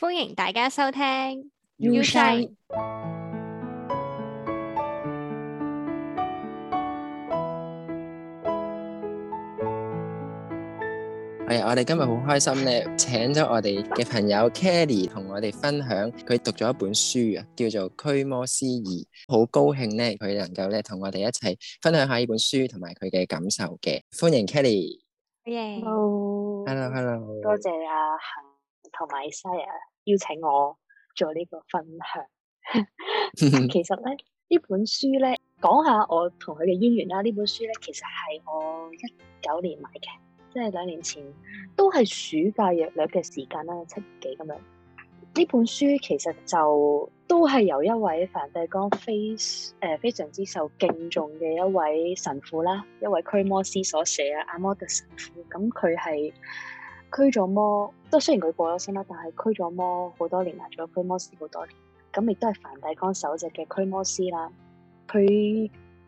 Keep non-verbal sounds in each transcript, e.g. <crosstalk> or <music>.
歡迎大家收聽。Ushine，You sign. 係我哋今日好開心咧，請咗我哋嘅朋友 Kelly 同我哋分享佢讀咗一本書啊，叫做《驅魔師二》。好高興咧，佢能夠咧同我哋一齊分享下呢本書同埋佢嘅感受嘅。歡迎 Kelly。Yeah. hello。Hello，Hello。多謝阿同埋 s 西啊，邀請我做呢個分享 <laughs> 其。其實咧呢本書咧，講下我同佢嘅淵源啦。呢本書咧其實係我一九年買嘅，即係兩年前，都係暑假約略嘅時間啦，七月幾咁樣。呢本書其實就都係由一位梵蒂岡非誒、呃、非常之受敬重嘅一位神父啦，一位驅魔師所寫啊，阿摩特神父。咁佢係。驅咗魔，都雖然佢過咗身啦，但係驅咗魔好多年啦，做驅魔，魔師好多年，咁亦都係梵蒂岡首席嘅驅魔師啦。佢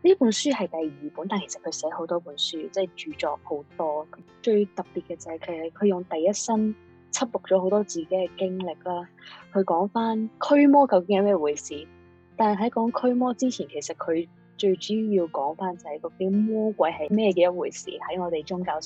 呢本書係第二本，但其實佢寫好多本書，即係著作好多。最特別嘅就係佢，佢用第一身輯錄咗好多自己嘅經歷啦，去講翻驅魔究竟係咩回事？但係喺講驅魔之前，其實佢最主要講翻就係嗰啲魔鬼係咩嘅一回事喺我哋宗教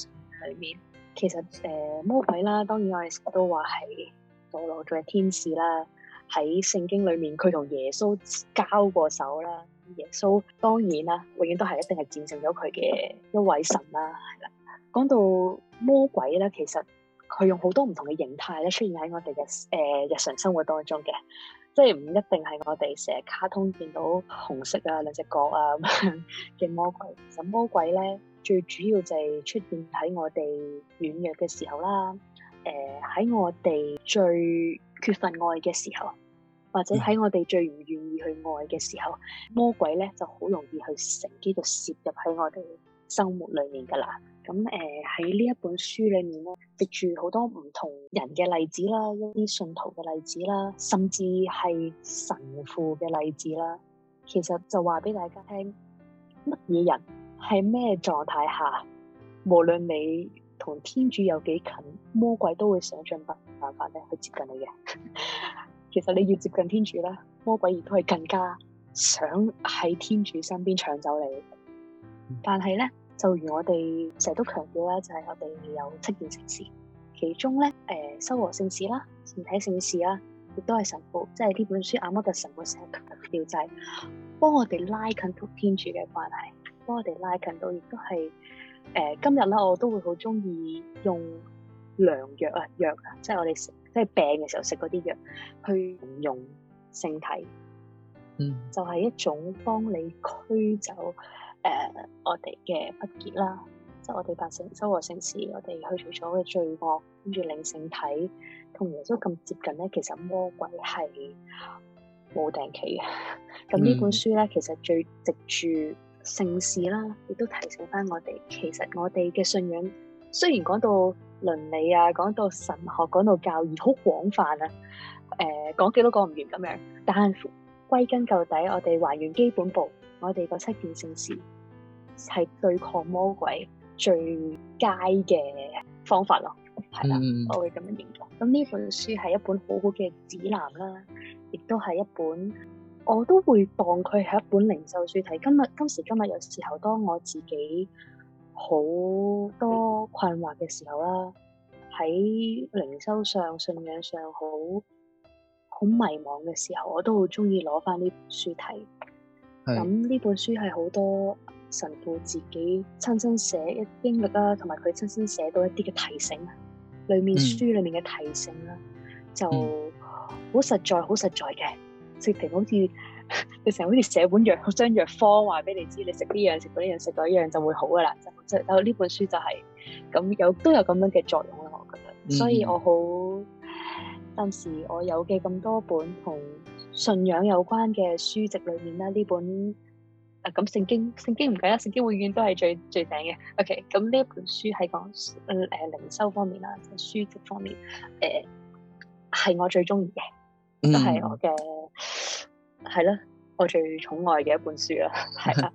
裏面。其實誒、呃，魔鬼啦，當然我哋都話係墮落嘅天使啦。喺聖經裏面，佢同耶穌交過手啦。耶穌當然啦，永遠都係一定係戰勝咗佢嘅一位神啦。係啦，講到魔鬼咧，其實佢用好多唔同嘅形態咧，出現喺我哋嘅誒日常生活當中嘅，即係唔一定係我哋成日卡通見到紅色啊，兩隻角啊嘅 <laughs> 魔鬼。其實魔鬼咧。最主要就係出現喺我哋軟弱嘅時候啦，誒、呃、喺我哋最缺乏愛嘅時候，或者喺我哋最唔願意去愛嘅時候，魔鬼咧就好容易去乘機度涉入喺我哋生活裏面噶啦。咁誒喺呢一本書裏面咧，藉住好多唔同人嘅例子啦，一啲信徒嘅例子啦，甚至係神父嘅例子啦，其實就話俾大家聽乜嘢人，係咩狀態下，無論你同天主有幾近，魔鬼都會想盡辦辦法咧去接近你嘅。 <laughs> 其實你要接近天主啦，魔鬼亦都係更加想喺天主身邊搶走你。嗯、但係咧，就如我哋成日都強調啦，就係、是、我哋有七件聖事，其中咧，誒、呃，修和聖事啦，聖體聖事啦，亦都係神父，即係呢本書阿摩特神父寫嘅條仔，幫我哋拉近同天主嘅關係。幫我哋拉近到，亦都係誒、呃、今日咧，我都會好鍾意用良藥啊，藥啊，即係我哋食，即係病嘅時候食嗰啲藥去形容聖體。嗯，就係一種幫你驅走誒、呃、我哋嘅不潔啦，即係我哋白聖修和聖事，我哋去除咗嘅罪惡，跟住令聖體同耶穌咁接近咧。其實魔鬼係冇定期嘅。咁 <laughs> 呢、嗯、本書咧，其實最藉住。聖事啦，亦都提醒翻我哋，其實我哋嘅信仰，雖然講到倫理啊，講到神學，講到教義，好廣泛啊，誒、呃，講幾都講唔完咁樣。但係歸根究底，我哋還原基本步，我哋個七件聖事係對抗魔鬼最佳嘅方法咯，係、嗯、啦，我會咁樣形容。咁呢本書係一本好好嘅指南啦，亦都係一本。我都會當佢係一本靈修書睇。今日今時今日有時候，當我自己好多困惑嘅時候啦，喺靈修上、信仰上，好好迷茫嘅時候，我都好中意攞翻呢本書睇。咁呢是本書係好多神父自己親身寫一經歷啦，同埋佢親身寫到一啲嘅提醒，裏面書裏面嘅提醒啦，嗯、就好實在、好實在嘅。直情好似你成日好似寫本藥張藥科話俾你知，你食呢樣食嗰樣食嗰樣就會好噶啦。就就呢本書就係、是、咁有都有咁樣嘅作用啦。我覺得，所以我好、嗯、暫時我有嘅咁多本同信仰有關嘅書籍裏面啦，呢本啊，咁聖經聖經唔計啦，聖經永遠都係最最頂嘅。O K，咁呢一本書係講誒靈修方面啦，即係書籍方面誒係、呃、我最中意嘅。都係我嘅，係咯，我最寵愛嘅一本書啊，係啦，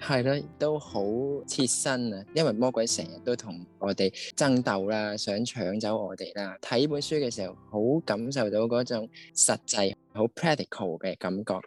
係咯， <laughs> 都好切身啊！因為魔鬼成日都同我哋爭鬥啦，想搶走我哋啦。睇本書嘅時候，好感受到嗰種實際、好 practical 嘅感覺。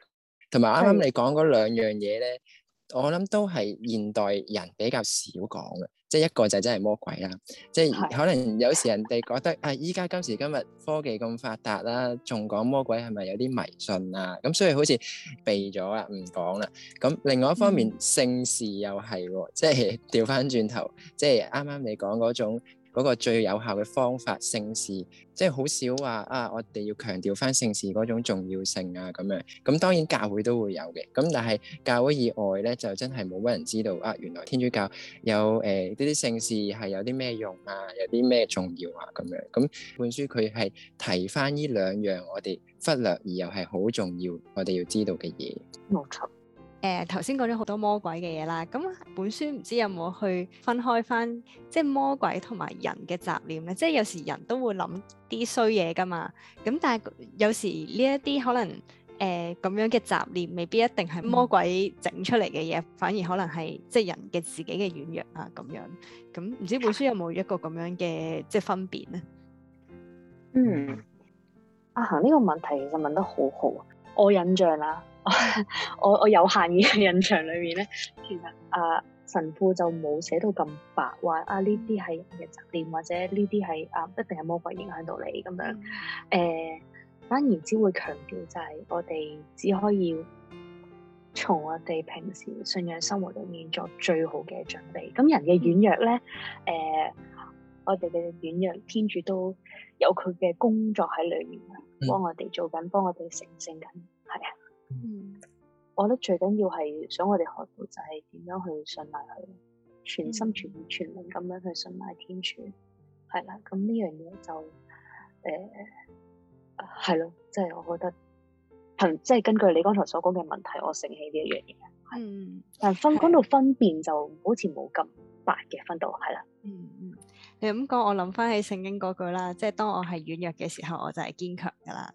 同埋啱啱你講嗰兩樣嘢咧，的我諗都係現代人比較少講嘅。即一個就真係魔鬼啦，即係可能有時人哋覺得啊，依家今時今日科技咁發達啦，仲講魔鬼係咪有啲迷信啊？咁所以好似避咗啦，唔講啦。咁另外一方面，聖、嗯、事又係、哦，即係調翻轉頭，即係啱啱你講嗰種。嗰個最有效嘅方法聖事，即係好少話啊，我哋要強調翻聖事嗰種重要性啊，咁樣咁當然教會都會有嘅。咁但係教會以外咧，就真係冇乜人知道啊！原來天主教有誒呢啲聖事係有啲咩用啊，有啲咩重要啊咁樣。咁本書佢係提翻呢兩樣我哋忽略而又係好重要我哋要知道嘅嘢。冇錯。誒，頭先講咗好多魔鬼嘅嘢啦，咁、嗯、本書唔知有冇去分開翻，即係魔鬼同埋人嘅雜念咧，即係有時人都會諗啲衰嘢噶嘛，咁但係有時呢一啲可能誒咁、呃、樣嘅雜念，未必一定係魔鬼整出嚟，嘅嘢反而可能係即係人嘅自己嘅軟弱啊咁樣，咁、嗯、唔知本書有冇一個咁樣嘅即係分別咧？嗯，阿恆呢個問題其實問得好好啊，我印象啦。 <laughs> 我我有限嘅印象裏面咧，其實啊神父就冇寫到咁白話啊，呢啲係人嘅雜念或者呢啲係啊一定係魔鬼影響到你咁樣。誒、呃，反而只會強調就係我哋只可以從我哋平時信仰生活裏面作最好嘅準備。咁人嘅軟弱咧，誒、嗯、呃，我哋嘅軟弱天主都有佢嘅工作喺裏面，幫我哋做緊，幫我哋成聖緊。嗯，我覺得最緊要係想我哋學到就係點樣去信賴佢，全心全意、嗯、全靈咁樣去信賴天主，係啦。咁呢樣嘢就誒係咯，即、呃、係、就是、我覺得憑即係根據你剛才所講嘅問題，我醒起呢一樣嘢。嗯，的但分講到分辨就好似冇咁白嘅分到。係啦。嗯的嗯，你咁講，我諗翻起聖經嗰句啦，即係當我係軟弱嘅時候，我就係堅強噶啦。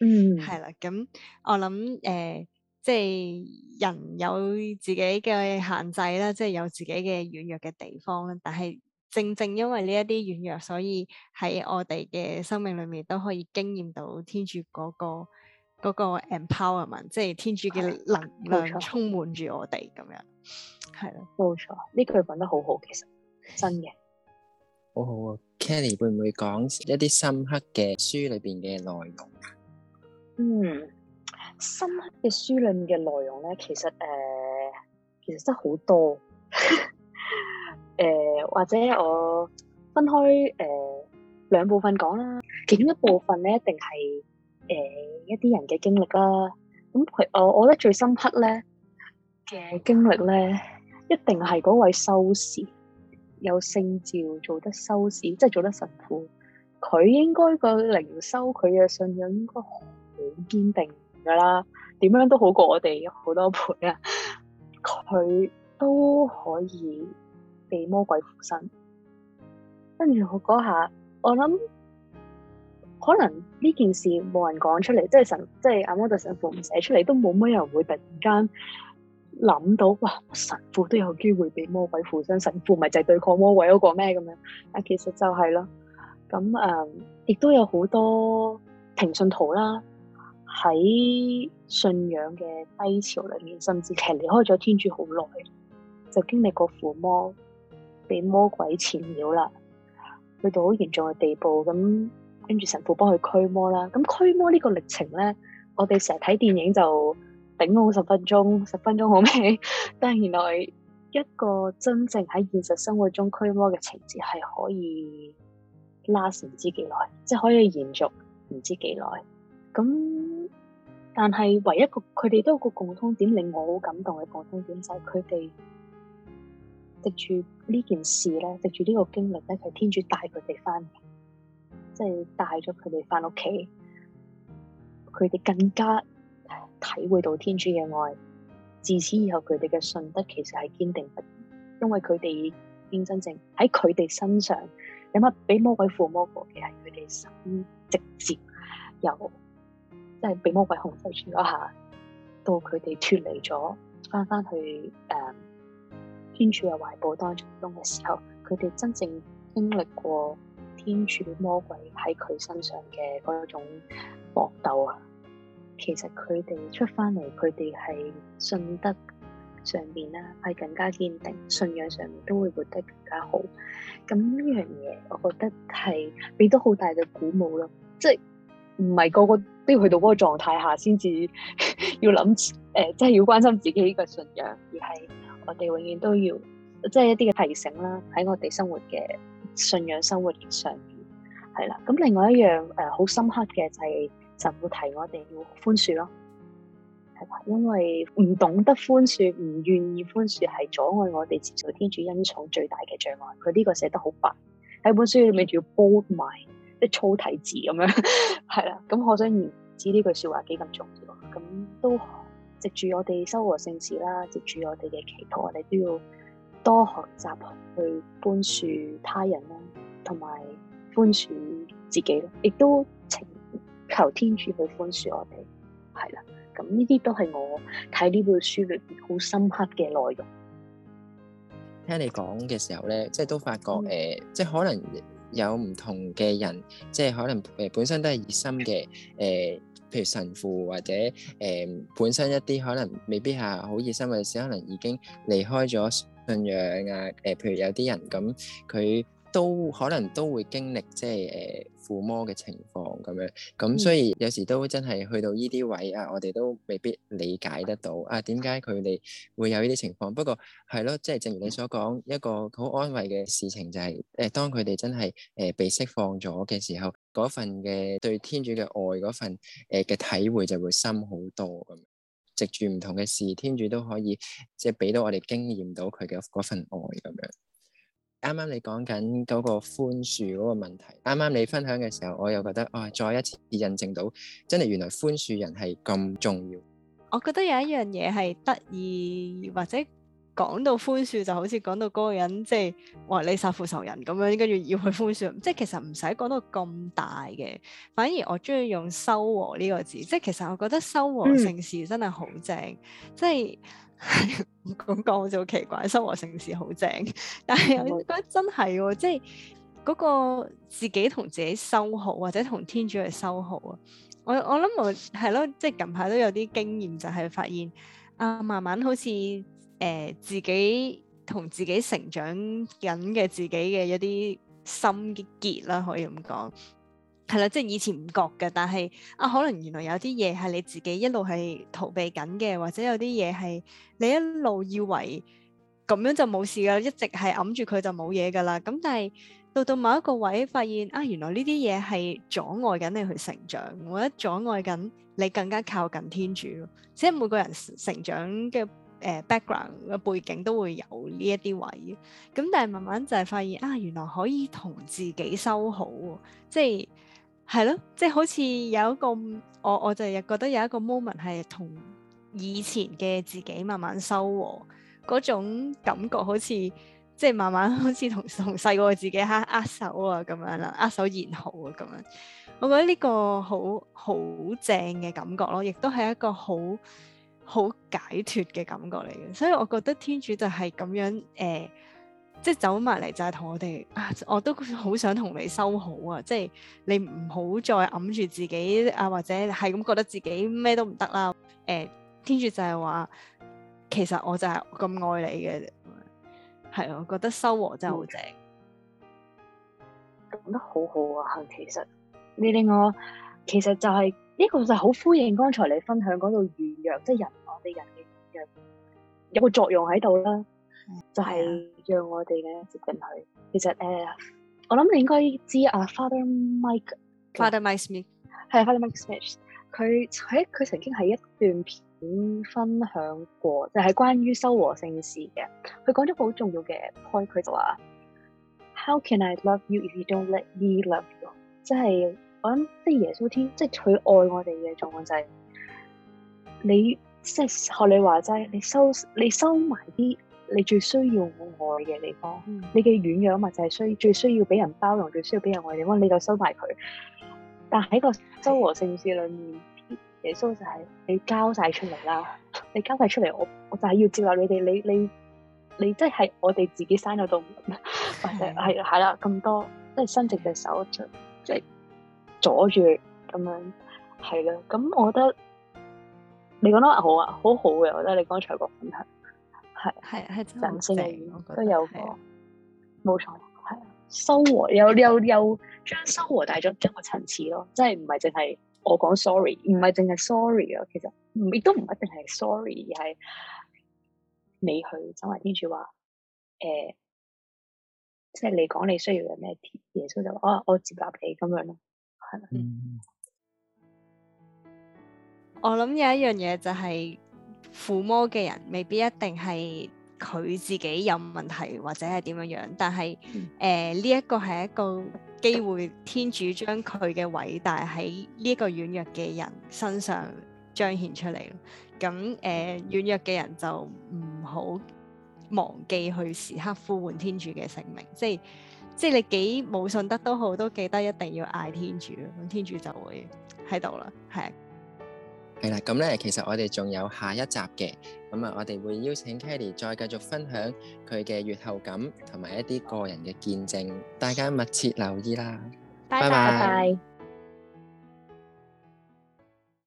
嗯，係啦，咁我諗誒，即係人有自己嘅限制啦，即係有自己嘅軟弱嘅地方，但係正正因為呢一啲軟弱，所以喺我哋嘅生命裏面都可以經驗到天主嗰個嗰個 empowerment，即係天主嘅能量充滿住我哋咁樣，係啦，冇錯，呢句問得好好，其實真嘅。好好啊，Kenny 會唔會講一啲深刻嘅書裏邊嘅內容？嗯，深刻嘅書裏面嘅內容咧，其實誒、呃，其實真係好多。誒、 <laughs> 呃，或者我分開誒兩、呃、部分講啦，其中一部分咧，一定係誒、呃、一啲人嘅經歷啦。咁佢我我覺得最深刻咧嘅經歷咧，一定係嗰位修士。有聖召做得修士，即係做得神父，佢應該個靈修，佢嘅信仰應該好堅定噶啦，點樣都好過我哋好多倍啊！佢都可以被魔鬼附身，跟住我嗰下，我諗可能呢件事冇人講出嚟，即係神，即係阿摩特神父唔寫出嚟，都冇乜人會突然間。諗到哇，神父都有機會被魔鬼附身，神父咪就係對抗魔鬼嗰個咩咁樣？啊，其實就係咯，咁誒，亦、嗯、都有好多平信徒啦，喺信仰嘅低潮裏面，甚至其實離開咗天主好耐，就經歷過附魔，被魔鬼纏繞啦，去到好嚴重嘅地步，咁跟住神父幫佢驅魔啦，咁驅魔個歷呢個歷程咧，我哋成日睇電影就。頂我十分鐘，十分鐘好咩？ <laughs> 但係原來一個真正喺現實生活中驅魔嘅情節係可以 last 唔知幾耐，即係可以延續唔知幾耐。咁但係唯一一個佢哋都有個共通點令我好感動嘅共通點就係佢哋藉住呢件事咧，藉住呢個經歷咧，佢天主帶佢哋翻嚟，即係帶咗佢哋翻屋企，佢哋更加。體會到天主嘅愛，自此以後佢哋嘅信德其實係堅定不移，因為佢哋已經真正喺佢哋身上有乜俾魔鬼附魔過嘅，係佢哋心直接有，即係俾魔鬼控制住嗰下，到佢哋脫離咗，翻翻去誒、呃、天主嘅懷抱當中嘅時候，佢哋真正經歷過天主魔鬼喺佢身上嘅嗰種搏鬥啊！其實佢哋出翻嚟，佢哋係信德上面啦、啊，係更加堅定，信仰上面都會活得更加好。咁呢樣嘢，我覺得係俾到好大嘅鼓舞咯。即係唔係個個都要去到嗰個狀態下， <laughs> 先至要諗誒，即係要關心自己嘅信仰，而係我哋永遠都要，即係一啲嘅提醒啦，喺我哋生活嘅信仰生活上邊係啦。咁另外一樣誒，好深刻嘅就係。就會提我哋要寬恕咯，係吧？因為唔懂得寬恕，唔願意寬恕，係阻礙我哋接受天主恩寵最大嘅障礙。佢呢個寫得好白喺本書裏面仲要煲埋，即係粗體字咁樣，係啦。咁可想而知呢句說話幾咁重要？咁都藉住我哋修和聖事啦，藉住我哋嘅祈禱，我哋都要多學習去寬恕他人啦，同埋寬恕自己咯，亦都情。求天主去寬恕我哋，係啦。咁呢啲都係我睇呢本書裏邊好深刻嘅內容。聽你講嘅時候咧，即係都發覺誒、嗯呃，即係可能有唔同嘅人，即係可能誒本身都係熱心嘅誒、呃，譬如神父或者誒、呃、本身一啲可能未必係好熱心嘅時候，可能已經離開咗信仰啊。誒、呃，譬如有啲人咁佢。都可能都會經歷即係誒附魔嘅情況咁樣，咁所以有時都真係去到呢啲位啊，我哋都未必理解得到啊，點解佢哋會有呢啲情況。不過係咯，即係、就是、正如你所講，一個好安慰嘅事情就係、是、誒、呃，當佢哋真係誒、呃、被釋放咗嘅時候，嗰份嘅對天主嘅愛嗰份誒嘅、呃、體會就會深好多咁。藉住唔同嘅事，天主都可以即係俾到我哋經驗到佢嘅嗰份愛咁樣。啱啱你講緊嗰個寬恕嗰個問題，啱啱你分享嘅時候，我又覺得，哦，再一次印證到，真係原來寬恕人係咁重要。我覺得有一樣嘢係得意，或者。講到寬恕，就好似講到嗰個人，即係話你殺父仇人咁樣，跟住要去寬恕，即係其實唔使講到咁大嘅。反而我中意用「修和」呢個字，即係其實我覺得修和聖事真係好正，嗯、即係 <laughs> 講講就好奇怪，修和聖事好正。但係我覺得真係喎、哦，嗯、即係嗰、嗰個自己同自己修好，或者同天主去修好啊。我我諗我係咯，即係近排都有啲經驗，就係發現啊，慢慢好似～誒、呃、自己同自己成長緊嘅自己嘅一啲心結啦，可以咁講，係啦，即係以前唔覺嘅，但係啊，可能原來有啲嘢係你自己一路係逃避緊嘅，或者有啲嘢係你一路以為咁樣就冇事噶，一直係揞住佢就冇嘢噶啦。咁但係到到某一個位，發現啊，原來呢啲嘢係阻礙緊你去成長，或者阻礙緊你更加靠近天主。即係每個人成長嘅。誒 background 嘅背景都會有呢一啲位，咁但係慢慢就係發現啊，原來可以同自己修好，即係係咯，即係好似有一個我我就又覺得有一個 moment 係同以前嘅自己慢慢修喎，嗰種感覺好似即係慢慢好似同同細個嘅自己握手啊咁樣啦，握手言好啊咁樣，我覺得呢個好好正嘅感覺咯，亦都係一個好。好解脫嘅感覺嚟嘅，所以我覺得天主就係咁樣誒、呃，即係走埋嚟就係同我哋啊，我都好想同你修好啊，即係你唔好再揞住自己啊，或者係咁覺得自己咩都唔得啦。誒、呃，天主就係話，其實我就係咁愛你嘅，係啊，我覺得修和真係好正，講得好好啊。其實你令我其實就係、是、呢、這個就係好呼應剛才你分享嗰度預言，即係人。啲人嘅，有個作用喺度啦，就係、是、讓我哋咧接近佢。其實誒、呃，我諗你應該知啊，Father Mike，Father Mike Smith，係 Father Mike Smith，佢喺佢曾經喺一段片分享過，就係、是、關於收和聖事嘅。佢講咗個好重要嘅 point，佢就話：How can I love you if you don't let me love you？即係、就是、我諗即係耶穌天，即係佢愛我哋嘅狀態，就係你。即係學你話齋，你收你收埋啲你最需要愛嘅地方，嗯、你嘅軟弱啊嘛，就係需最需要俾人包容，最需要俾人愛嘅地方，你就收埋佢。但喺個修和聖事裏面，的耶穌就係你交晒出嚟啦，你交晒出嚟，我我就係要接納你哋，你你你即係我哋自己生咗到，或者係係啦咁多，即係伸直隻手就，即係的阻住咁樣，係啦，咁我覺得。你講得好啊，好好嘅，我覺得你剛才個分享係係人性嘅面都有個冇錯，係修和又又又將修和帶咗一個層次咯、呃，即係唔係淨係我講 sorry，唔係淨係 sorry 啊，其實亦都唔一定係 sorry，而係你去神話天主話誒，即係你講你需要嘅咩？天耶穌就話我我接納你咁樣咯，係啦。嗯我諗有一樣嘢，就係附魔嘅人，未必一定係佢自己有問題或者係點樣樣，但係誒呢一個係一個機會，天主將佢嘅偉大喺呢一個軟弱嘅人身上彰顯出嚟。咁誒、呃，軟弱嘅人就唔好忘記去時刻呼喚天主嘅聖名，即係即係你幾冇信德都好，都記得一定要嗌天主，咁天主就會喺度啦。係。係啦，咁咧、嗯，其實我哋仲有下一集嘅，咁、嗯、啊，我哋會邀請 Kelly 再繼續分享佢嘅閱後感同埋一啲個人嘅見證，大家密切留意啦，拜拜。